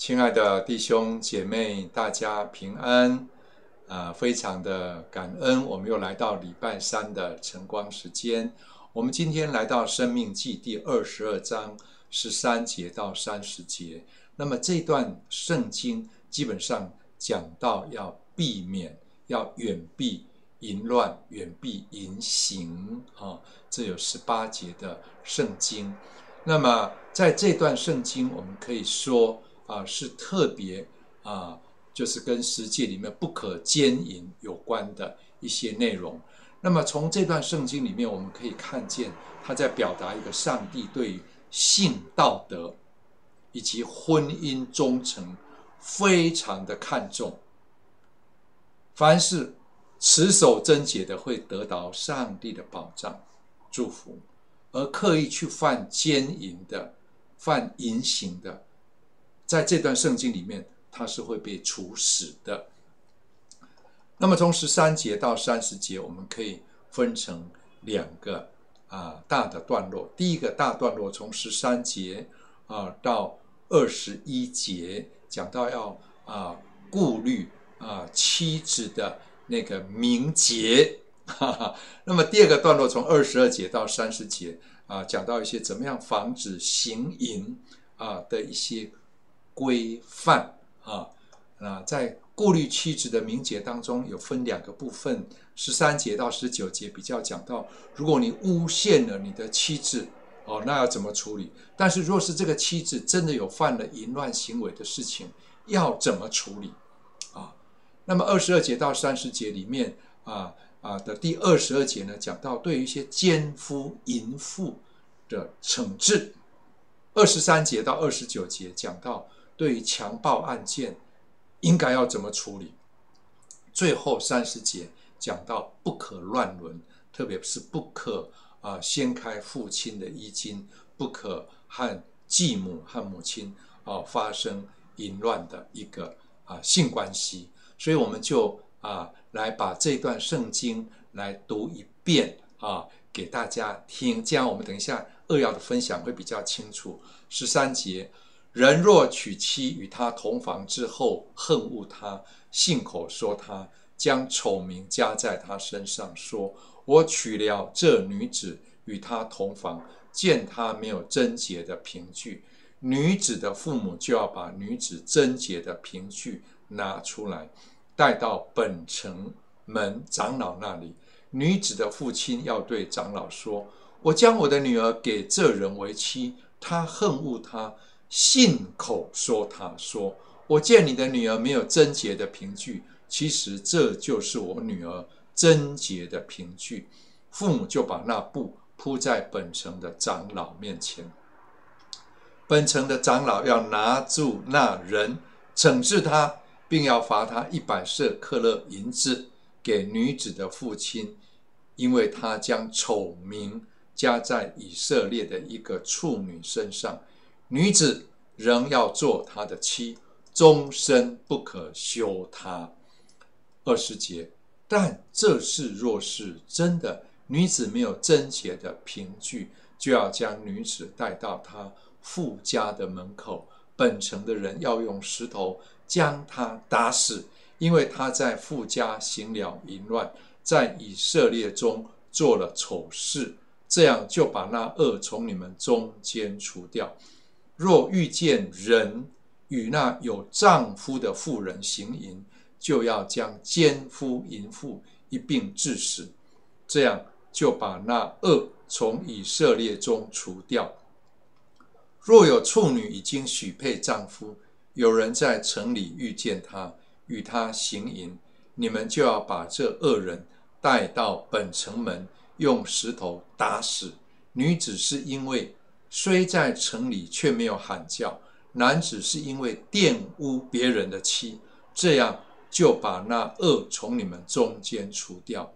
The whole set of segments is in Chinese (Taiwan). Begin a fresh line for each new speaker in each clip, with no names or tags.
親愛的弟兄姐妹，大家平安！啊、呃，非常的感恩，我們又來到禮拜三的晨光時間。我們今天來到《申命記》第二十二章十三節到三十節。那麼這段聖經基本上講到要避免、要遠避淫亂、遠避淫行啊、哦。這有十八節的聖經。那麼在這段聖經，我們可以說。啊、呃，是特別啊、呃，就是跟世界裡面不可姦淫有關的一些內容。那麼從這段聖經裡面，我們可以看見他在表達一個上帝對性道德以及婚姻忠誠非常的看重。凡是持守貞潔的，會得到上帝的保障祝福；而刻意去犯姦淫的、犯淫行的。在這段聖經裡面，他是會被處死的。那麼從十三節到三十節，我們可以分成兩個啊大的段落。第一個大段落從十三節啊到二十一節，講到要啊顧慮啊妻子的那個名節。哈、啊、哈，那麼第二個段落從二十二節到三十節啊，講到一些怎麼樣防止行淫啊的一些。規範啊啊，在顧慮妻子的名節當中，有分兩個部分，十三節到十九節比較講到，如果你誣陷了你的妻子，哦，那要怎麼處理？但是若是這個妻子真的有犯了淫亂行為的事情，要怎麼處理？啊，那麼二十二節到三十節裡面啊啊的第二十二節呢，講到對於一些姦夫淫婦的懲治，二十三節到二十九節講到。對於強暴案件，應該要怎麼處理？最後三十節講到不可亂倫，特別是不可啊、呃、掀開父親的衣襟，不可和繼母和母親啊、呃、發生淫亂的一個啊、呃、性關係。所以我們就啊、呃、來把這段聖經來讀一遍啊、呃、給大家聽，這樣我們等一下扼要的分享會比較清楚。十三節。人若娶妻與他同房之後，恨惡他，信口說他，將醜名加在他身上，說：“我娶了這女子與他同房，見他沒有貞潔的憑據。”女子的父母就要把女子貞潔的憑據拿出來，帶到本城門長老那裡。女子的父親要對長老說：“我將我的女兒給這人為妻，他恨惡他。”信口說：“他說，我見你的女兒沒有貞潔的憑據。其實這就是我女兒貞潔的憑據。父母就把那布鋪在本城的長老面前。本城的長老要拿住那人，懲治他，並要罰他一百舍客勒銀子給女子的父親，因為他將醜名加在以色列的一個處女身上。”女子仍要做他的妻，終身不可休他。二十節，但這事若是真的，女子沒有貞潔的憑據，就要將女子帶到他父家的門口。本城的人要用石頭將她打死，因為她在父家行了淫亂，在以色列中做了醜事。這樣就把那惡從你們中間除掉。若遇見人與那有丈夫的婦人行淫，就要將姦夫淫婦一併致死，這樣就把那惡從以色列中除掉。若有處女已經許配丈夫，有人在城裡遇見她與他行淫，你們就要把這惡人帶到本城門，用石頭打死。女子是因為。雖在城裡，卻沒有喊叫。男子是因為玷污別人的妻，這樣就把那惡從你們中間除掉。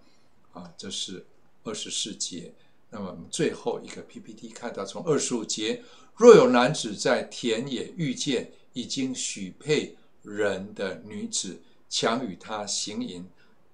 啊，這是二十四節。那麼我們最後一個 PPT 看到，從二十五節，若有男子在田野遇見已經許配人的女子，強與她行淫，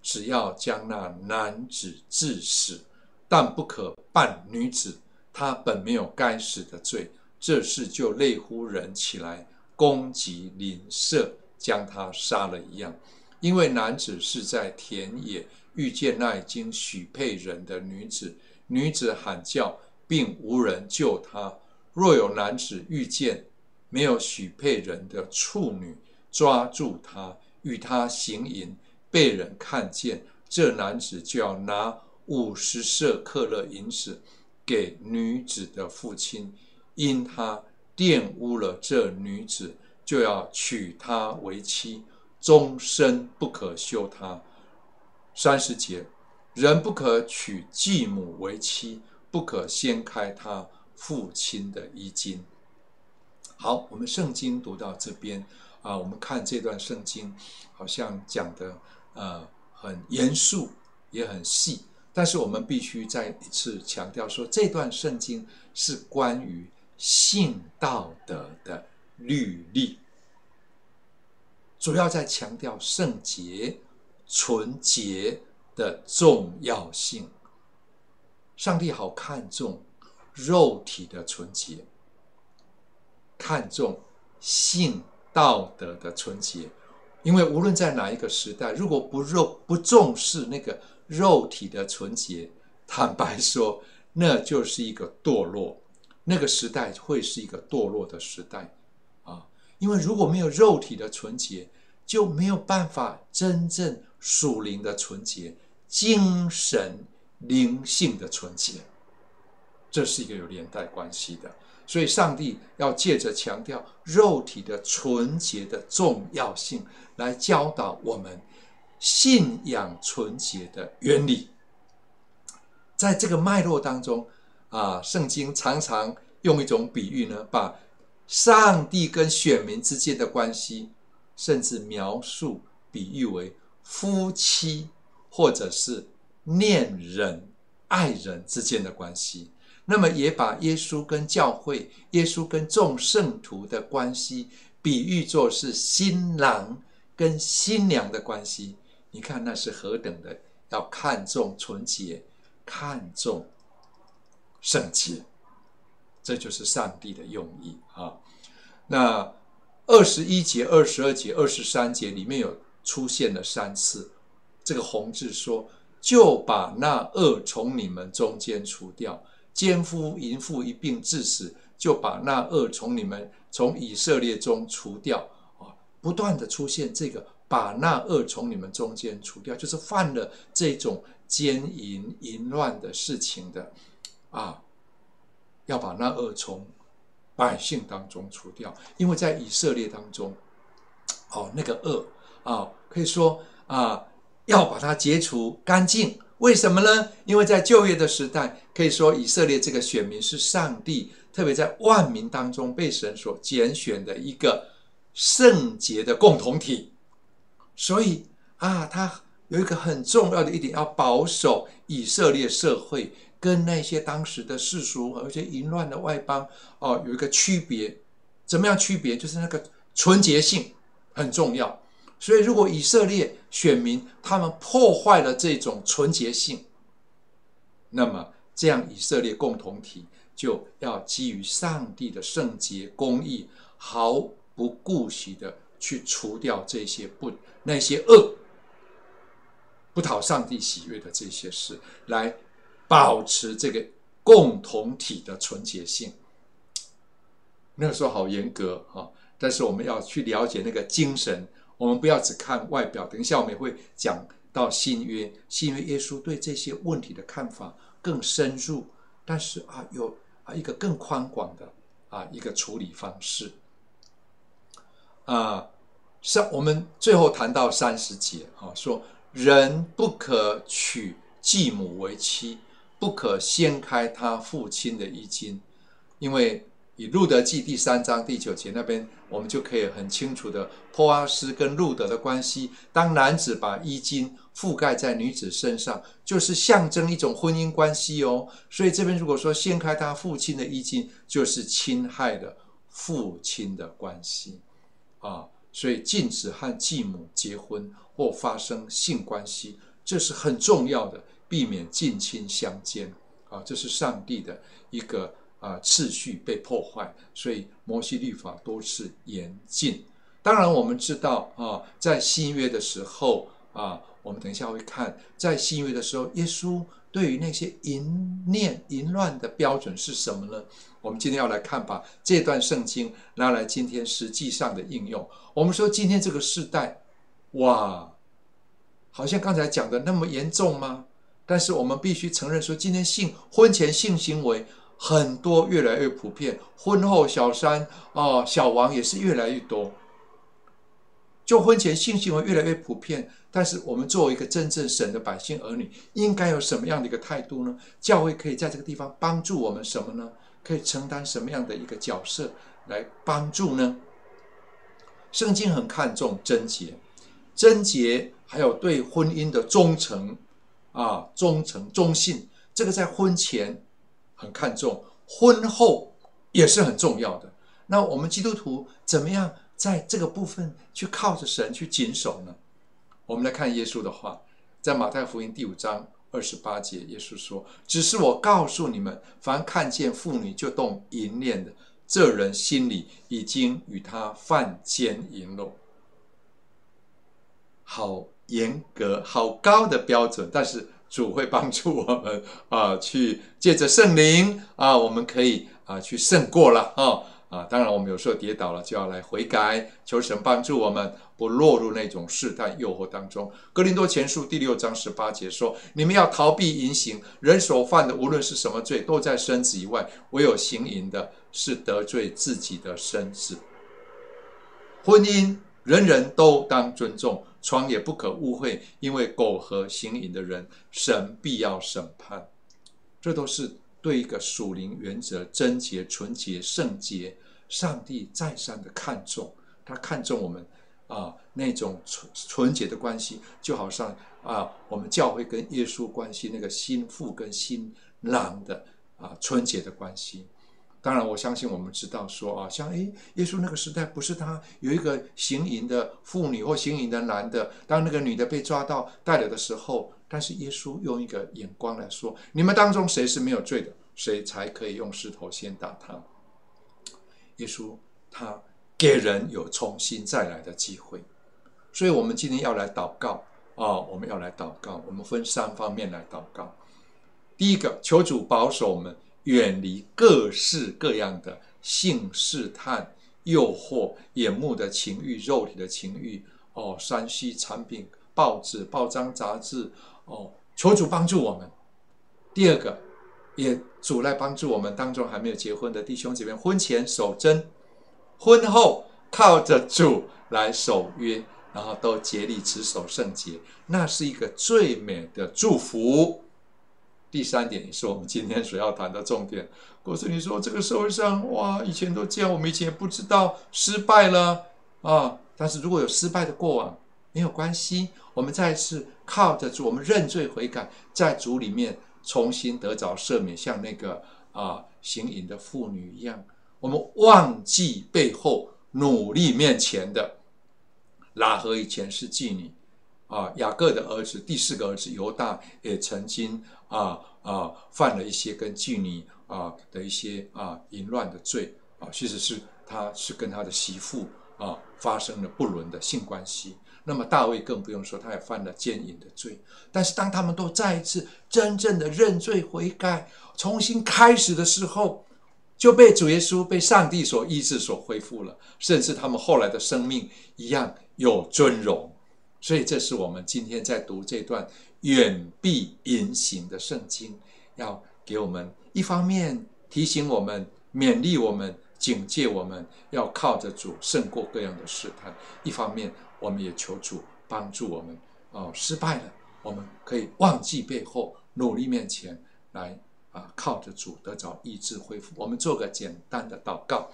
只要將那男子治死，但不可辦女子。他本沒有該死的罪，這事就類乎人起來攻擊鄰舍，將他殺了，一樣。因為男子是在田野遇見那已經許配人的女子，女子喊叫，並無人救她。若有男子遇見沒有許配人的處女，抓住她與她行淫，被人看見，這男子就要拿五十舍客勒銀子。給女子的父親，因他玷污了這女子，就要娶她為妻，終身不可休她。三十節，人不可娶繼母為妻，不可掀開他父親的衣襟。好，我們聖經讀到這邊啊，呃，我們看這段聖經，好像講的呃很嚴肅，也很細。但是我們必須再一次強調說，這段聖經是關於性道德的律例，主要在強調聖潔、純潔的重要性。上帝好看重肉體的純潔，看重性道德的純潔，因為無論在哪一個時代，如果不肉，不重視那個。肉體的純潔，坦白說，那就是一個墮落。那個時代會是一個墮落的時代，啊，因為如果沒有肉體的純潔，就沒有辦法真正屬靈的純潔、精神靈性的純潔，這是一個有連帶關係的。所以，上帝要借着強調肉體的純潔的重要性，來教導我們。信仰純潔的原理，在這個脈絡當中，啊，聖經常常用一種比喻呢，把上帝跟選民之間的關係，甚至描述比喻為夫妻或者是戀人、愛人之間的關係。那麼，也把耶穌跟教會、耶穌跟眾聖徒的關係，比喻作是新郎跟新娘的關係。你看那是何等的，要看重純潔，看重聖潔，這就是上帝的用意啊！那二十一節、二十二節、二十三節裡面有出現了三次，這個紅字說，就把那惡從你們中間除掉，姦夫淫婦一併致死，就把那惡從你們從以色列中除掉啊！不斷的出現這個。把那惡從你們中間除掉，就是犯了這種姦淫淫亂的事情的啊！要把那惡從百姓當中除掉，因為在以色列當中，哦，那個惡啊，可以說啊，要把它解除乾淨。為什麼呢？因為在舊約的時代，可以說以色列這個選民是上帝，特別在萬民當中被神所揀選的一個聖潔的共同體。所以啊，他有一個很重要的一點，要保守以色列社會跟那些當時的世俗和一些淫亂的外邦哦，啊，有一個區別。怎麼樣區別？就是那個純潔性很重要。所以如果以色列選民他們破壞了這種純潔性，那麼這樣以色列共同體就要基於上帝的聖潔公義，毫不顧惜的。去除掉這些不那些惡、不討上帝喜悅的這些事，來保持這個共同體的純潔性。那個時候好嚴格啊！但是我們要去了解那個精神，我們不要只看外表。等一下，我們也會講到新約，新約耶穌對這些問題的看法更深入，但是啊，有啊一個更寬廣的啊一個處理方式。啊，上我們最後談到三十節啊，說人不可娶繼母為妻，不可掀開他父親的衣襟，因為以路德記第三章第九節那邊，我們就可以很清楚的，波阿斯跟路德的關係，當男子把衣襟覆蓋在女子身上，就是象徵一種婚姻關係哦。所以這邊如果說掀開他父親的衣襟，就是侵害了父親的關係。啊，所以禁止和繼母結婚或發生性關係，這是很重要的，避免近親相姦。啊，這是上帝的一個啊次序被破壞，所以摩西律法多次嚴禁。當然，我們知道啊，在新約的時候啊。我們等一下會看，在新約的時候，耶穌對於那些淫念、淫亂的標準是什麼呢？我們今天要來看，把這段聖經拿來今天實際上的應用。我們說今天這個世代，哇，好像剛才講的那麼嚴重嗎？但是我們必須承認說，今天性、婚前性行為很多，越來越普遍；婚後小三、哦、小王也是越來越多。就婚前性行為越來越普遍，但是我們作為一個真正神的百姓兒女，應該有什麼樣的一個態度呢？教會可以在這個地方幫助我們什麼呢？可以承擔什麼樣的一個角色來幫助呢？聖經很看重貞潔，貞潔還有對婚姻的忠誠啊，忠誠、忠信，這個在婚前很看重，婚後也是很重要的。那我們基督徒怎麼樣？在這個部分去靠着神去謹守呢？我們來看耶穌的話，在馬太福音第五章二十八節，耶穌說：“只是我告訴你們，凡看見婦女就動淫念的，這人心裡已經與他犯奸淫了。”好嚴格、好高的標準，但是主會幫助我們啊，去借着聖靈啊，我們可以啊去勝過了啊。啊，當然，我們有時候跌倒了，就要來悔改，求神幫助我們，不落入那種試探誘惑當中。格林多前書第六章十八節說：“你們要逃避淫行，人所犯的無論是什麼罪，都在身子以外；唯有行淫的，是得罪自己的身子。婚姻人人都當尊重，床也不可誤會，因為苟合行淫的人，神必要審判。”這都是。對一個屬靈原則、貞潔、純潔、聖潔，上帝再三的看重，他看重我們啊、呃、那種純純潔的關係，就好像啊、呃、我們教會跟耶穌關係，那個新婦跟新郎的啊、呃、純潔的關係。當然，我相信我們知道說啊，像誒耶穌那個時代不是他有一個行淫的婦女或行淫的男的，當那個女的被抓到帶了的時候，但是耶穌用一個眼光來說，你們當中誰是沒有罪的，誰才可以用石頭先打他。耶穌他給人有重新再來的機會，所以我們今天要來禱告啊，哦，我們要來禱告，我們分三方面來禱告。第一個，求主保守我們。遠離各式各樣的性試探、誘惑、眼目的情欲、肉體的情欲。哦，山西產品、報紙、報章雜誌。哦，求主幫助我們。第二個，也主來幫助我們當中還沒有結婚的弟兄姊妹，婚前守貞，婚後靠着主來守約，然後都竭力持守聖潔，那是一個最美的祝福。第三點也是我們今天所要談的重點。告訴你說，這個社會上哇，以前都這樣，我們以前也不知道失敗了啊。但是如果有失敗的過往，沒有關係，我們再次靠着主，我們認罪悔改，在主裡面重新得着赦免，像那個啊行淫的婦女一樣，我們忘記背後，努力面前的，喇合以前是妓女。啊，雅各的兒子第四個兒子猶大也曾經啊啊犯了一些跟妓女啊的一些啊淫亂的罪啊，其實是他是跟他的媳婦啊發生了不倫的性關係。那麼大衛更不用說，他也犯了奸淫的罪。但是當他們都再一次真正的認罪悔改，重新開始的時候，就被主耶穌被上帝所醫治所恢復了，甚至他們後來的生命一樣有尊榮。所以，這是我們今天在讀這段遠避淫行的聖經，要給我們一方面提醒我們、勉勵我們、警戒我們，要靠着主勝過各樣的試探；一方面，我們也求主幫助我們。哦，失敗了，我們可以忘記背後，努力面前來，來啊，靠着主得着醫治恢復。我們做個簡單的禱告：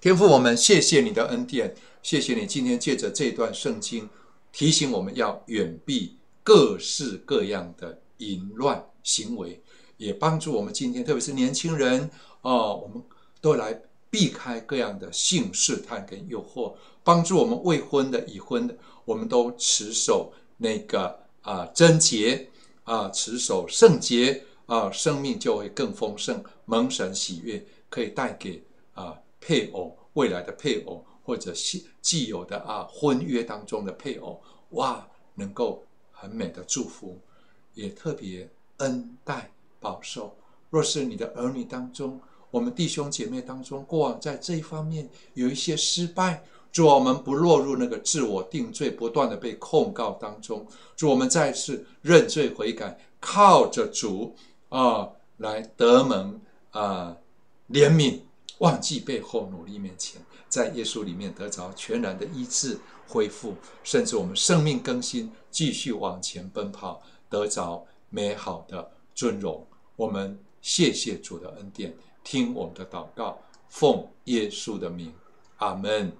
天父，我們謝謝你的恩典，謝謝你今天借着這段聖經。提醒我們要遠避各式各樣的淫亂行為，也幫助我們今天，特別是年輕人啊、呃，我們都來避開各樣的性試探跟誘惑，幫助我們未婚的、已婚的，我們都持守那個啊、呃、貞潔啊、呃，持守聖潔啊、呃，生命就會更豐盛，蒙神喜悅，可以帶給啊、呃、配偶，未來的配偶。或者是既有的啊婚約當中的配偶，哇，能夠很美的祝福，也特別恩待保守。若是你的兒女當中，我們弟兄姐妹當中，過往在這一方面有一些失敗，主，我們不落入那個自我定罪、不斷的被控告當中。主，我們再次認罪悔改，靠着主啊、呃、來得蒙啊、呃、憐憫。忘記背後，努力面前，在耶穌裡面得着全然的醫治恢復，甚至我們生命更新，繼續往前奔跑，得着美好的尊榮。我們謝謝主的恩典，聽我們的禱告，奉耶穌的名，阿門。